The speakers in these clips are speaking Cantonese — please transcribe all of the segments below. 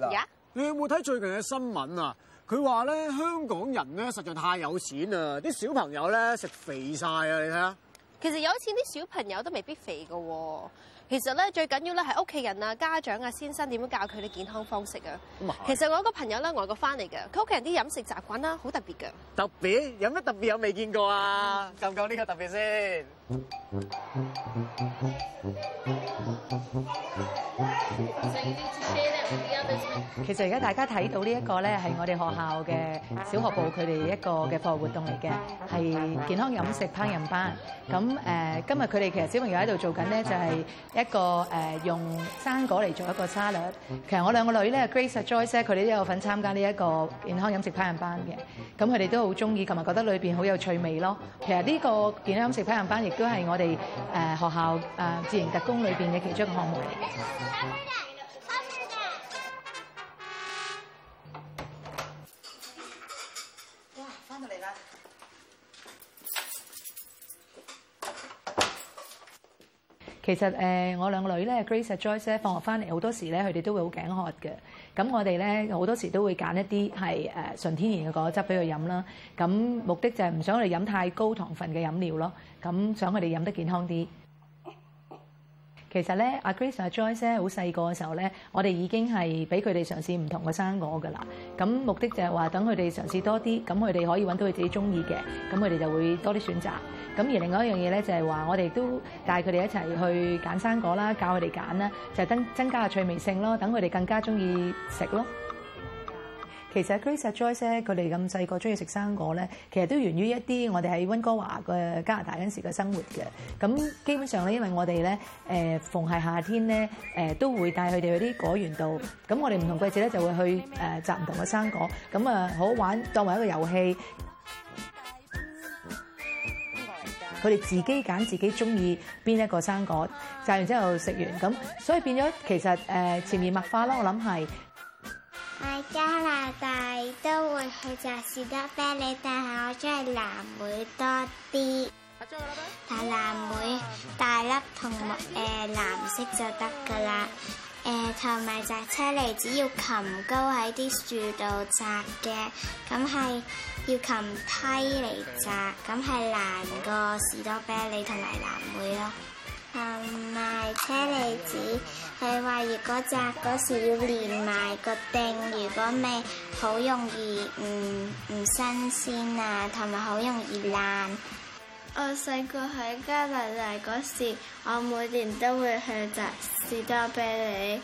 Yeah? 你有冇睇最近嘅新聞啊？佢話呢，香港人呢實在太有錢啦，啲小朋友呢食肥晒啊！你睇下。其實有錢啲小朋友都未必肥嘅喎。其實咧最緊要咧係屋企人啊、家長啊、先生點樣教佢哋健康方式啊。咁啊係。其實我個朋友咧外國翻嚟嘅，佢屋企人啲飲食習慣啦好特別㗎。特別？有咩特別有未見過啊？夠唔夠呢個特別先？其實而家大家睇到呢一個咧係我哋學校嘅小學部佢哋一個嘅課外活動嚟嘅，係健康飲食烹飪班。咁。誒，今日佢哋其實小朋友喺度做緊咧，就係一個誒用生果嚟做一個沙律。其實我兩個女咧，Grace 同 Joyce 佢哋都有份參加呢一個健康飲食烹飪班嘅。咁佢哋都好中意，琴日覺得裏邊好有趣味咯。其實呢個健康飲食烹飪班亦都係我哋誒學校誒自然特工裏邊嘅其中一個項目嚟。其實誒、呃，我兩個女咧，Grace 同 Joyce 咧，放學翻嚟好多時咧，佢哋都會好頸渴嘅。咁我哋咧，好多時都會揀一啲係純天然嘅果汁俾佢飲啦。咁目的就係唔想佢哋飲太高糖分嘅飲料咯。咁想佢哋飲得健康啲。其實咧，阿 Grace、阿 Joyce 咧，好細個嘅時候咧，我哋已經係俾佢哋嘗試唔同嘅生果㗎啦。咁目的就係話等佢哋嘗試多啲，咁佢哋可以揾到佢自己中意嘅，咁佢哋就會多啲選擇。咁而另外一樣嘢咧，就係話我哋都帶佢哋一齊去揀生果啦，教佢哋揀啦，就係增增加下趣味性咯，等佢哋更加中意食咯。其實 Chris Joyce 佢哋咁細個中意食生果咧，其實都源於一啲我哋喺溫哥華嘅加拿大嗰陣時嘅生活嘅。咁基本上咧，因為我哋咧，誒、呃、逢係夏天咧，誒、呃、都會帶佢哋去啲果園度。咁我哋唔同季節咧就會去誒摘唔同嘅生果。咁啊好好玩，當作為一個遊戲。佢哋自己揀自己中意邊一個生果，摘完之後食完。咁所以變咗其實誒、呃、潛移默化啦，我諗係。喺加拿大都會去摘士多啤梨，但係我中意藍莓多啲。睇中啦，但藍莓大粒同誒藍色就得噶啦。誒，同埋摘車厘子要擒高喺啲樹度摘嘅，咁係要擒梯嚟摘，咁係難過士多啤梨同埋藍莓咯。同埋車厘子，佢話如果摘嗰時要連埋個蒂，如果未好容易唔唔新鮮啊，同埋好容易爛。我細個喺加拿大嗰時，我每年都會去摘士多啤梨。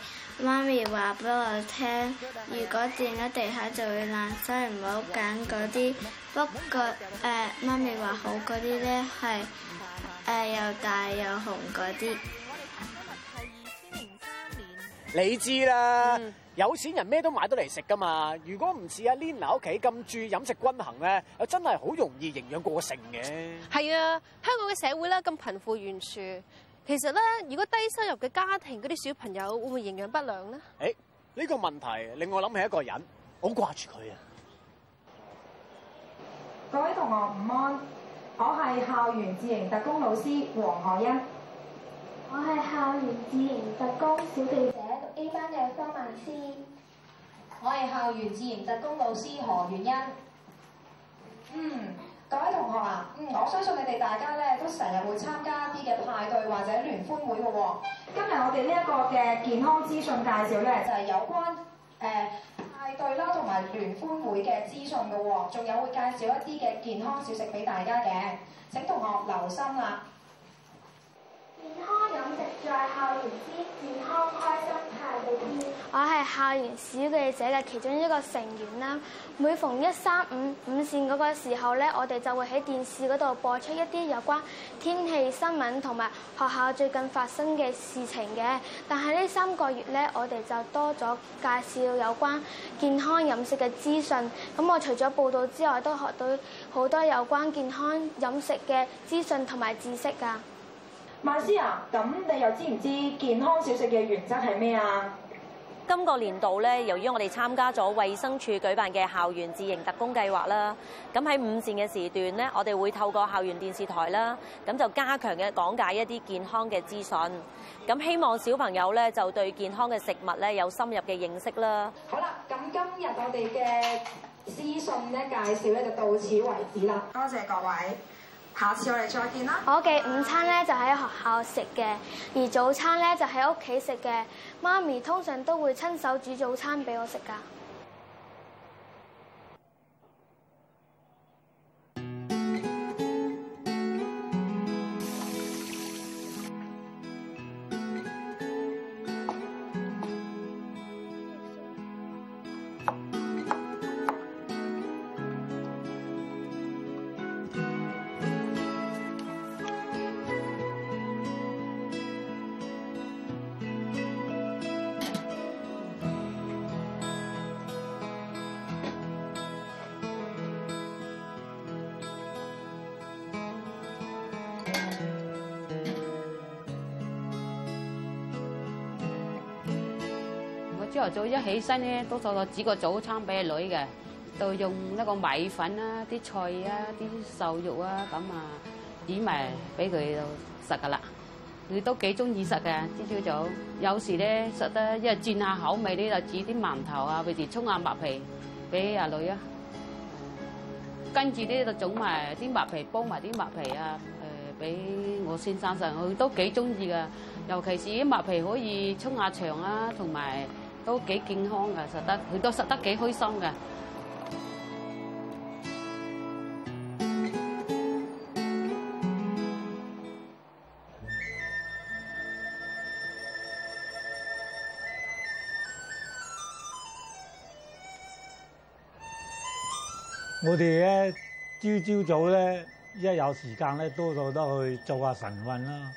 媽咪話俾我聽，如果跌咗地下就會爛，所以唔好揀嗰啲。不過誒，媽咪話好嗰啲呢係。是又大又紅嗰啲，你知啦，嗯、有錢人咩都買得嚟食噶嘛。如果唔似阿 Linda 屋企咁注意飲食均衡咧，又真係好容易營養過剩嘅。係啊，香港嘅社會咧，咁貧富懸殊，其實咧，如果低收入嘅家庭嗰啲小朋友會唔會營養不良咧？誒、哎、呢、這個問題令我諗起一個人，好掛住佢啊！各位同學，午安。我係校園自營特工老師黃海欣，我係校園自營特工小記者 A 班嘅方曼斯，我係校園自營特工老師何元欣。嗯，各位同學啊，嗯，我相信你哋大家咧都成日會參加啲嘅派對或者聯歡會嘅喎。今日我哋呢一個嘅健康資訊介紹咧就係有關誒。呃對啦，同埋聯歡會嘅資訊嘅喎，仲有會介紹一啲嘅健康小食俾大家嘅，請同學留心啦。健康飲食在校園之健康開心太無，我係校園小記者嘅其中一個成員啦。每逢一三五五線嗰個時候咧，我哋就會喺電視嗰度播出一啲有關天氣新聞同埋學校最近發生嘅事情嘅。但係呢三個月咧，我哋就多咗介紹有關健康飲食嘅資訊。咁我除咗報道之外，都學到好多有關健康飲食嘅資訊同埋知識噶。曼斯啊，咁你又知唔知健康小食嘅原則係咩啊？今個年度咧，由於我哋參加咗衛生署舉辦嘅校園自營特工計劃啦，咁喺午膳嘅時段咧，我哋會透過校園電視台啦，咁就加強嘅講解一啲健康嘅資訊，咁希望小朋友咧就對健康嘅食物咧有深入嘅認識啦。好啦，咁今日我哋嘅資訊咧介紹咧就到此為止啦。多謝各位。下次我哋再見啦！我嘅 Okay, Bye. 午餐咧就喺學校食嘅，而早餐咧就喺屋企食嘅。媽咪通常都會親手煮早餐俾我食㗎。朝頭早一起身咧，多數都煮個早餐俾阿女嘅，就用一個米粉啊、啲菜啊、啲瘦肉啊咁啊，煮埋俾佢就食噶啦。佢都幾中意食嘅。朝朝早有時咧食得一轉下口味咧，就煮啲饅頭啊，平時衝下麥皮俾阿女啊。跟住咧就整埋啲麥皮，煲埋啲麥皮啊，誒俾我先生食，佢都幾中意噶。尤其是啲麥皮可以衝下腸啊，同埋～都幾健康㗎，食得佢都食得幾開心㗎。我哋咧朝朝早咧一有時間咧，多數都去做下晨運啦，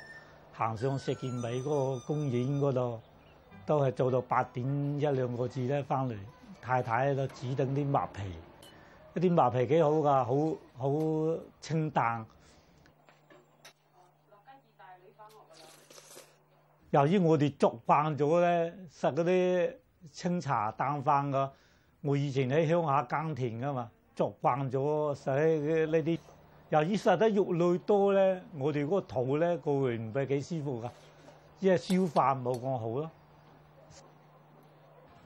行上石硤尾嗰個公園嗰度。都係做到八點一兩個字咧，翻嚟太太喺度指定啲麥皮，啲麥皮幾好噶，好好清淡。啊、落你由於我哋作慣咗咧食嗰啲清茶淡飯噶，我以前喺鄉下耕田噶嘛，作慣咗食呢啲。由於食得肉類多咧，我哋嗰個肚咧佢唔係幾舒服噶，即係消化冇咁好咯。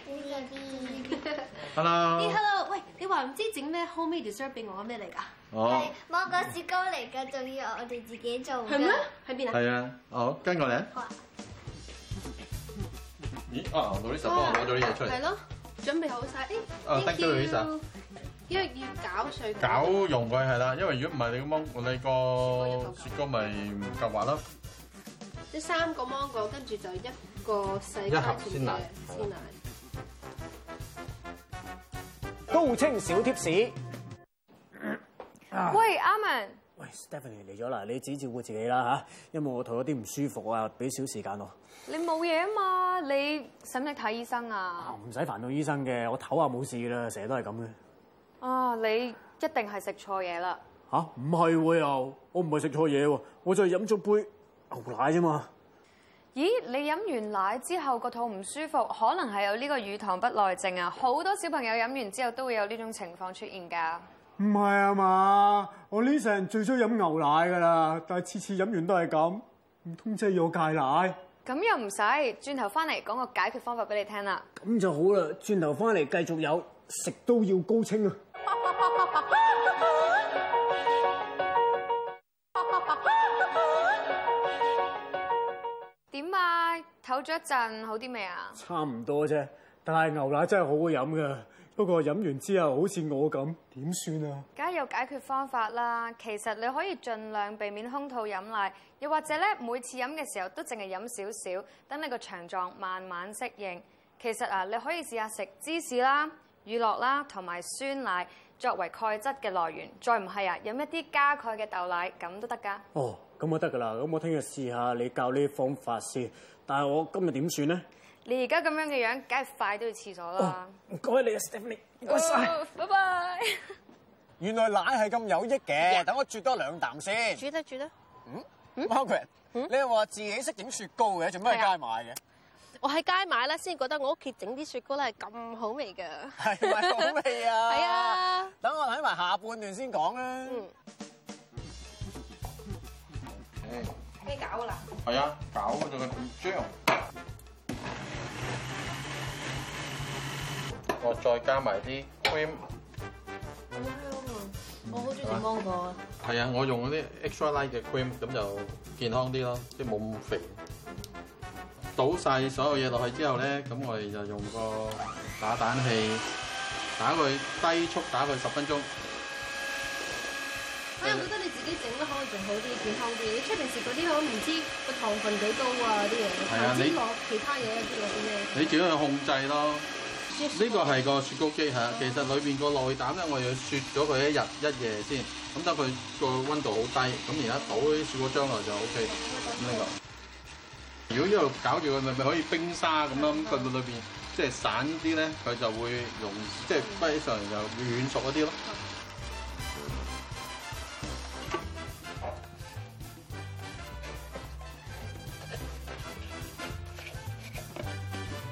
呢個啲，hello，你 hello，喂，你話唔知整咩 home made dessert 俾我咩嚟㗎？哦，係芒果雪糕嚟㗎，仲要我哋自己做，係咩？喺邊啊？係啊，好，跟我嚟啊。咦？啊，攞呢首歌，攞咗啲嘢出嚟。係咯，準備好晒。誒，叮到呢首，因為要搞碎，搞融佢係啦。因為如果唔係你個芒果，你個雪糕咪唔夠滑咯。一三個芒果，跟住就一個細盒嘅鮮奶。高清小貼士。喂，阿文，喂 Stephanie 嚟咗啦，你只照顧自己啦吓，因為我肚有啲唔舒服，啊，又俾少時間我。你冇嘢啊嘛，你使唔使睇醫生啊？唔使煩到醫生嘅，我唞下冇事啦，成日都係咁嘅。啊，你一定係食錯嘢啦。吓、啊，唔係喎又，我唔係食錯嘢喎，我就係飲咗杯牛奶啫嘛。咦，你飲完奶之後個肚唔舒服，可能係有呢個乳糖不耐症啊！好多小朋友飲完之後都會有呢種情況出現㗎。唔係啊嘛，我呢世人最鍾意飲牛奶㗎啦，但係次次飲完都係咁，唔通真係要戒奶？咁又唔使，轉頭翻嚟講個解決方法俾你聽啦。咁就好啦，轉頭翻嚟繼續有食都要高清啊！唞咗一陣，好啲未啊？差唔多啫，但係牛奶真係好好飲噶。不過飲完之後好似我咁，點算啊？梗係有解決方法啦。其實你可以盡量避免空肚飲奶，又或者咧，每次飲嘅時候都淨係飲少少，等你個腸臟慢慢適應。其實啊，你可以試下食芝士啦、乳酪啦，同埋酸奶。作為鈣質嘅來源，再唔係啊，飲一啲加鈣嘅豆奶咁都得噶。哦，咁就得噶啦，咁我聽日試下你教呢啲方法先。但係我今日點算咧？你而家咁樣嘅樣，梗係快都去廁所啦。唔該、哦、你啊 Stephanie，唔該晒，拜拜。原來奶係咁有益嘅，等 Yeah. 我煮多兩啖先。煮得煮得。嗯嗯，包括你又話自己識整雪糕嘅，做咩去街買嘅？我喺街買啦，先覺得我屋企整啲雪糕咧係咁好味噶。係咪好味啊？係啊。等我睇埋下半段先講啊。嗯。誒。咩餃啦？係啊，餃仲係麵漿。我再加埋啲 cream。唔係啊嘛，我好中意食芒果。係啊，我用嗰啲 extra light 嘅 cream，咁就健康啲咯，即係冇咁肥。倒晒所有嘢落去之後咧，咁我哋就用個打蛋器打佢，低速打佢十分鐘。我又覺得你自己整都可能仲好啲，健康啲。你出平時嗰啲我唔知個糖分幾高啊啲嘢，唔知落其他嘢啲嘢。你自己去控制咯。呢個係個雪糕機嚇，其實裏邊個內膽咧，我係要雪咗佢一日一夜先，咁等佢個溫度好低，咁而家倒啲雪糕出來就 OK。咁呢個。如果一路搞住佢，咪咪可以冰沙咁啦，咁到裏邊即係散啲咧，佢就會融，嗯、即係冰起上嚟又軟熟一啲咯。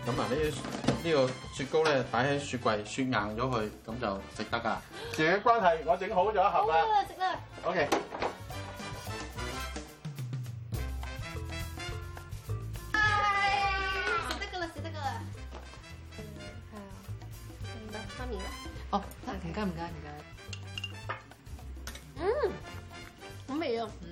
咁、嗯嗯、啊，呢、這、呢、個這個雪糕咧，擺喺雪櫃雪硬咗去，咁就食得噶。時間 關係，我整好咗，一盒，好，食啦。OK。唔該唔該唔該，嗯，好味啊！嗯，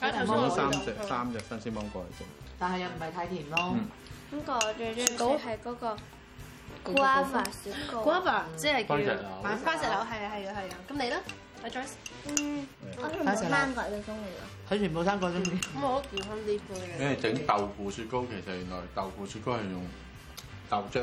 我頭先三隻三隻新鮮芒果嚟食，但係又唔係太甜咯。嗯，邊個最中意？雪糕係嗰個 guava 雪糕。guava 即係叫花石榴，係啊係啊係啊！咁你咧？我再嗯，睇全部三個嘅中意啊！睇全部三個先。咁我健康啲啲嘅。因為整豆腐雪糕其實原來豆腐雪糕係用豆漿。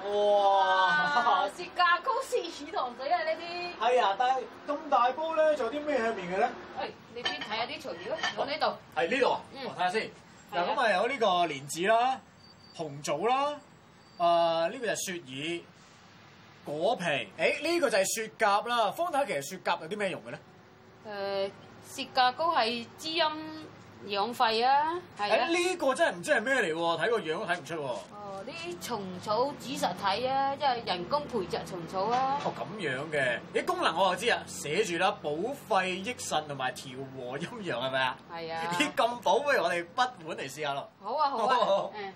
哇！啊、雪蛤膏、雪耳糖水啊，呢啲係啊，但係咁大煲咧，做啲咩喺入面嘅咧？誒、哎，你先睇下啲材料，我呢度係呢度啊，嗯，我睇下先。嗱、啊，咁啊有呢個蓮子啦、紅棗啦，誒、呃，呢個就雪耳、果皮。誒、哎，呢、這個就係雪蛤啦。方太其實雪蛤有啲咩用嘅咧？誒、呃，雪蛤膏係滋陰。養肺啊，係啊，呢個真係唔知係咩嚟喎，睇個樣都睇唔出喎。哦，啲蟲草子實體啊，即係人工培植蟲草啊。哦，咁樣嘅，你功能我就知啊，寫住啦，補肺益腎同埋調和陰陽係咪啊？係啊。啲咁補，不如我哋煲碗嚟試下咯。好啊，好啊。哦、嗯。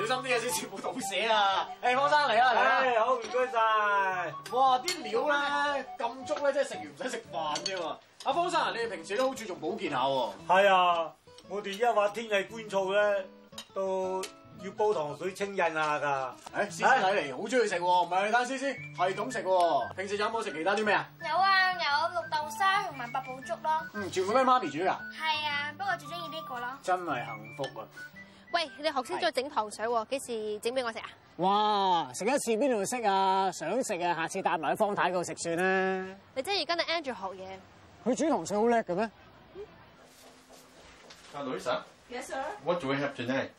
小心啲啊，先全部倒瀉啊！誒，方生嚟啦嚟好唔該晒。謝謝哇，啲料咧咁足咧，真係食完唔使食飯啫喎！阿方生，你哋平時都好注重保健下喎。係啊，我哋依家話天氣乾燥咧，都要煲糖水清潤下噶。誒、哎，師奶睇嚟，好中意食喎，唔係單先，先係咁食喎。平時有冇食其他啲咩啊？有啊，有綠豆沙同埋八寶粥咯。嗯，全部都係媽咪煮㗎。係啊，不過我最中意呢個咯。真係幸福啊！喂，你學識咗整糖水喎？幾是時整俾我食啊？哇，食一次邊度識啊？想食啊，下次帶埋去方太嗰度食算啦。你真係要跟阿 Andrew 學嘢？佢煮糖水好叻嘅咩？阿 Louisa Hello , sir. s Yes , sir，What do we have today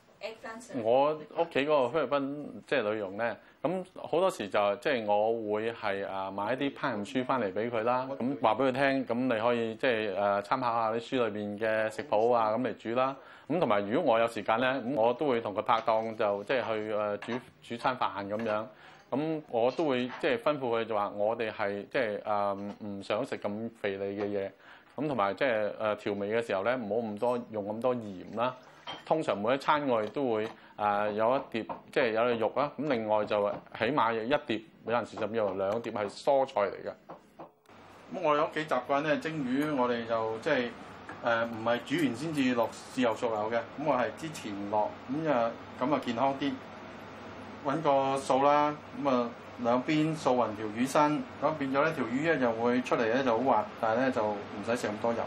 我屋企嗰個菲律賓即係女傭咧，咁好多時就即係、就是、我會係啊買一啲烹飪書翻嚟俾佢啦，咁話俾佢聽，咁你可以即係誒參考下啲書裏邊嘅食譜啊咁嚟煮啦。咁同埋如果我有時間咧，咁我都會同佢拍檔就，就即、是、係去誒煮煮餐飯咁樣。咁我都會即係吩咐佢就話、是，我哋係即係誒唔想食咁肥膩嘅嘢。咁同埋即係誒調味嘅時候咧，唔好咁多用咁多鹽啦。通常每一餐我哋都會誒有一碟，即係有啲肉啦。咁另外就起碼有一碟，有陣時甚至乎兩碟係蔬菜嚟嘅。咁我哋屋企習慣咧，蒸魚我，我哋就即係誒唔係煮完先至落豉油熟油嘅。咁我係之前落，咁誒咁啊健康啲。揾個掃啦，咁啊兩邊掃勻條魚身，咁變咗呢條魚咧就會出嚟咧就好滑，但係咧就唔使食咁多油。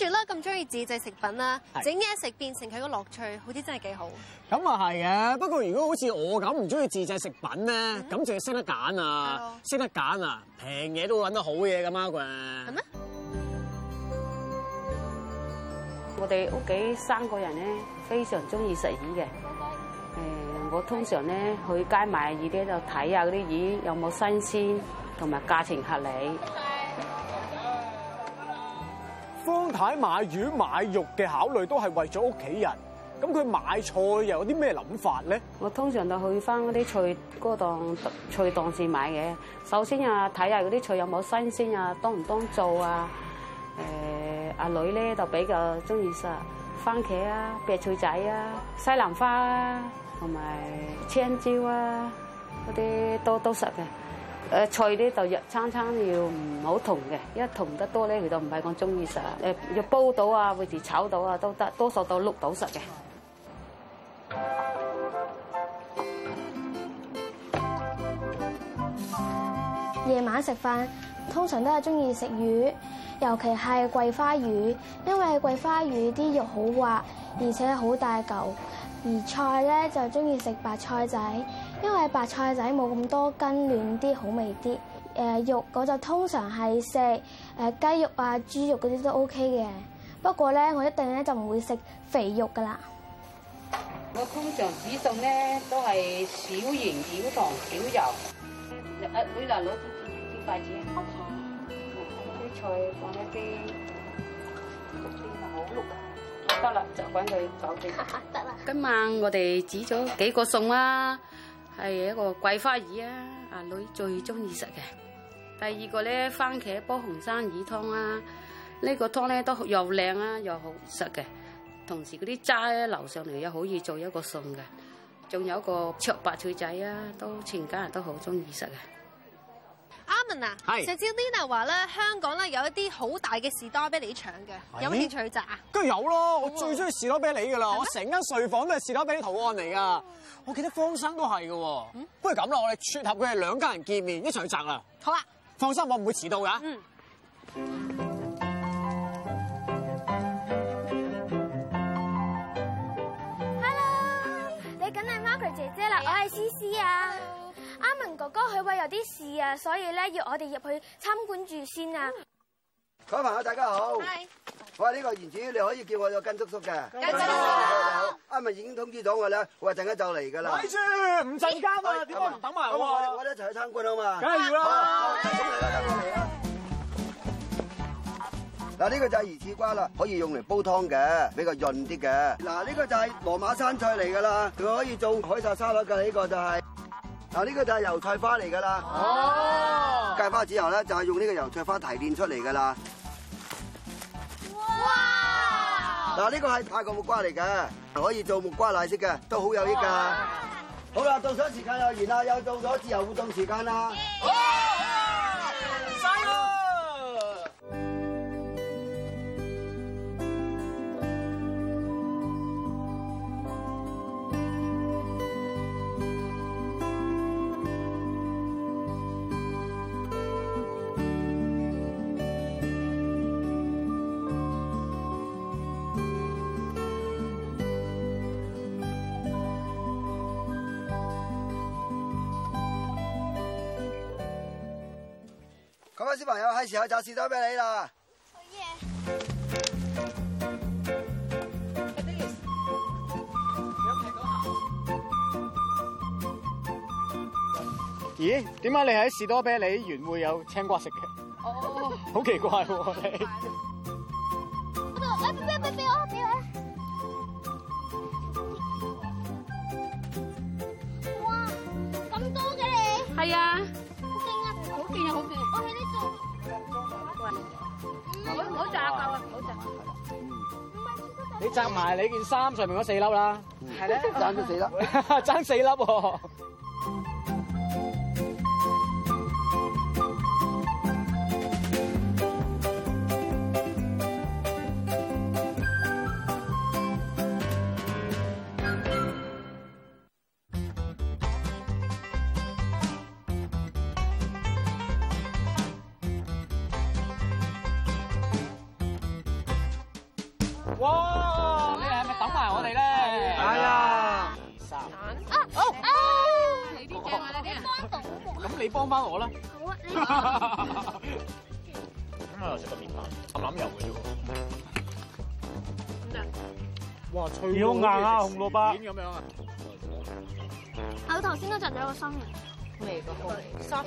住啦，咁中意自製食品啦，整嘢食變成佢個樂趣，好似真係幾好。咁啊係嘅，不過如果好似我咁唔中意自製食品咧，咁、嗯、就要識得揀啊，識得揀啊，平嘢都會揾到好嘢噶嘛，佢。係咩？我哋屋企三個人咧，非常中意食魚嘅。誒、嗯，我通常咧去街買魚咧，度睇下嗰啲魚有冇新鮮，同埋價錢合理。張太，太買魚買肉嘅考慮都係為咗屋企人，咁佢買菜又有啲咩諗法咧？我通常都去翻嗰啲菜哥檔，那個、菜檔市買嘅。首先啊，睇下嗰啲菜有冇新鮮啊，當唔當造啊？誒、呃，阿女咧就比較中意食番茄啊、白菜仔啊、西蘭花啊，同埋青椒啊嗰啲都都食嘅。誒菜呢就日餐餐要唔好同嘅，因為同得多咧佢就唔係咁中意食誒，要煲到啊，或者炒到啊都得，多數都碌到食嘅。夜晚食飯通常都係中意食魚，尤其係桂花魚，因為桂花魚啲肉好滑，而且好大嚿。而菜咧就中意食白菜仔。因為白菜仔冇咁多筋，嫩啲，好味啲。誒肉，我就通常係食誒雞肉啊、豬肉嗰啲都 O K 嘅。不過咧，我一定咧就唔會食肥肉噶啦。我通常煮餸咧都係少鹽、少糖、少油。阿女嗱，攞啲啲筷子，放啲菜，放啲雞，蒸下好喎。得啦，就揾佢搞掂。得啦。今晚我哋煮咗幾個餸啦！.係一個桂花魚啊，阿女最中意食嘅。第二個咧，番茄煲紅衫魚湯啊，呢個湯咧都又靚啊，又好食嘅。同時嗰啲渣咧流上嚟，又可以做一個餸嘅。仲有一個灼白菜仔啊，都全家人都好中意食嘅。係，上次 Lina 話咧，香港咧有一啲好大嘅士多啤梨牆嘅，有冇興趣去摘啊？梗係有咯，我最中意士多啤梨噶啦，我成間睡房都係士多啤梨圖案嚟噶，我記得方生都係噶，嗯、不如咁啦，我哋撮合佢哋兩家人見面一齊去摘啦。好啊，放心，我唔會遲到噶。嗯、Hello，你梗係 Margaret 姐姐啦，我係思思啊。阿文哥哥佢話有啲事啊，所以咧要我哋入去參觀住先啊！各位朋友大家好，我係呢個園主，你可以叫我做根叔叔嘅。根叔叔，阿文已經通知咗我啦，我陣間就嚟噶啦。唔，陣間喎，點解唔等埋我啊？我哋一齊去參觀啊嘛。梗係要啦。嚟嗱，呢個就係魚翅瓜啦，可以用嚟煲湯嘅，比較潤啲嘅。嗱，呢個就係羅馬生菜嚟噶啦，佢可以做凱撒沙律嘅，呢個就係。嗱，呢個就係油菜花嚟噶啦，哦，芥花籽油咧就係、是、用呢個油菜花提煉出嚟噶啦。哇！嗱，呢個係泰國木瓜嚟嘅，可以做木瓜奶昔嘅，都好有益噶。好啦，到咗時間又完啦，又到咗自由活動時間啦。各位小朋友，係時候摘士多啤梨啦！咦？點解你喺士多啤梨園會有青瓜食嘅？哦，oh. 好奇怪喎、你！唔 俾我，嗯、你紮埋你件衫上面嗰四粒啦，嗯，係咧，爭四粒好，爭四粒喎。哇！你係咪等埋我哋咧？係啊，二三啊，好，你邊隻？你幫一咁你幫翻我啦。好啊。咁啊，食個麵包，冧油嘅啫喎。哇！脆好硬啊，紅蘿蔔片咁樣啊。我頭先嗰陣仲有個生嘅，未噃。好 sharp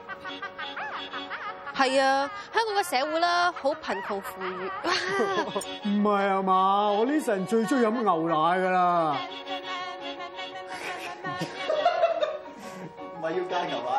係啊，香港嘅社會啦，好貧窮富裕。唔係啊嘛，我呢陣最中意飲牛奶㗎啦。唔係要加油？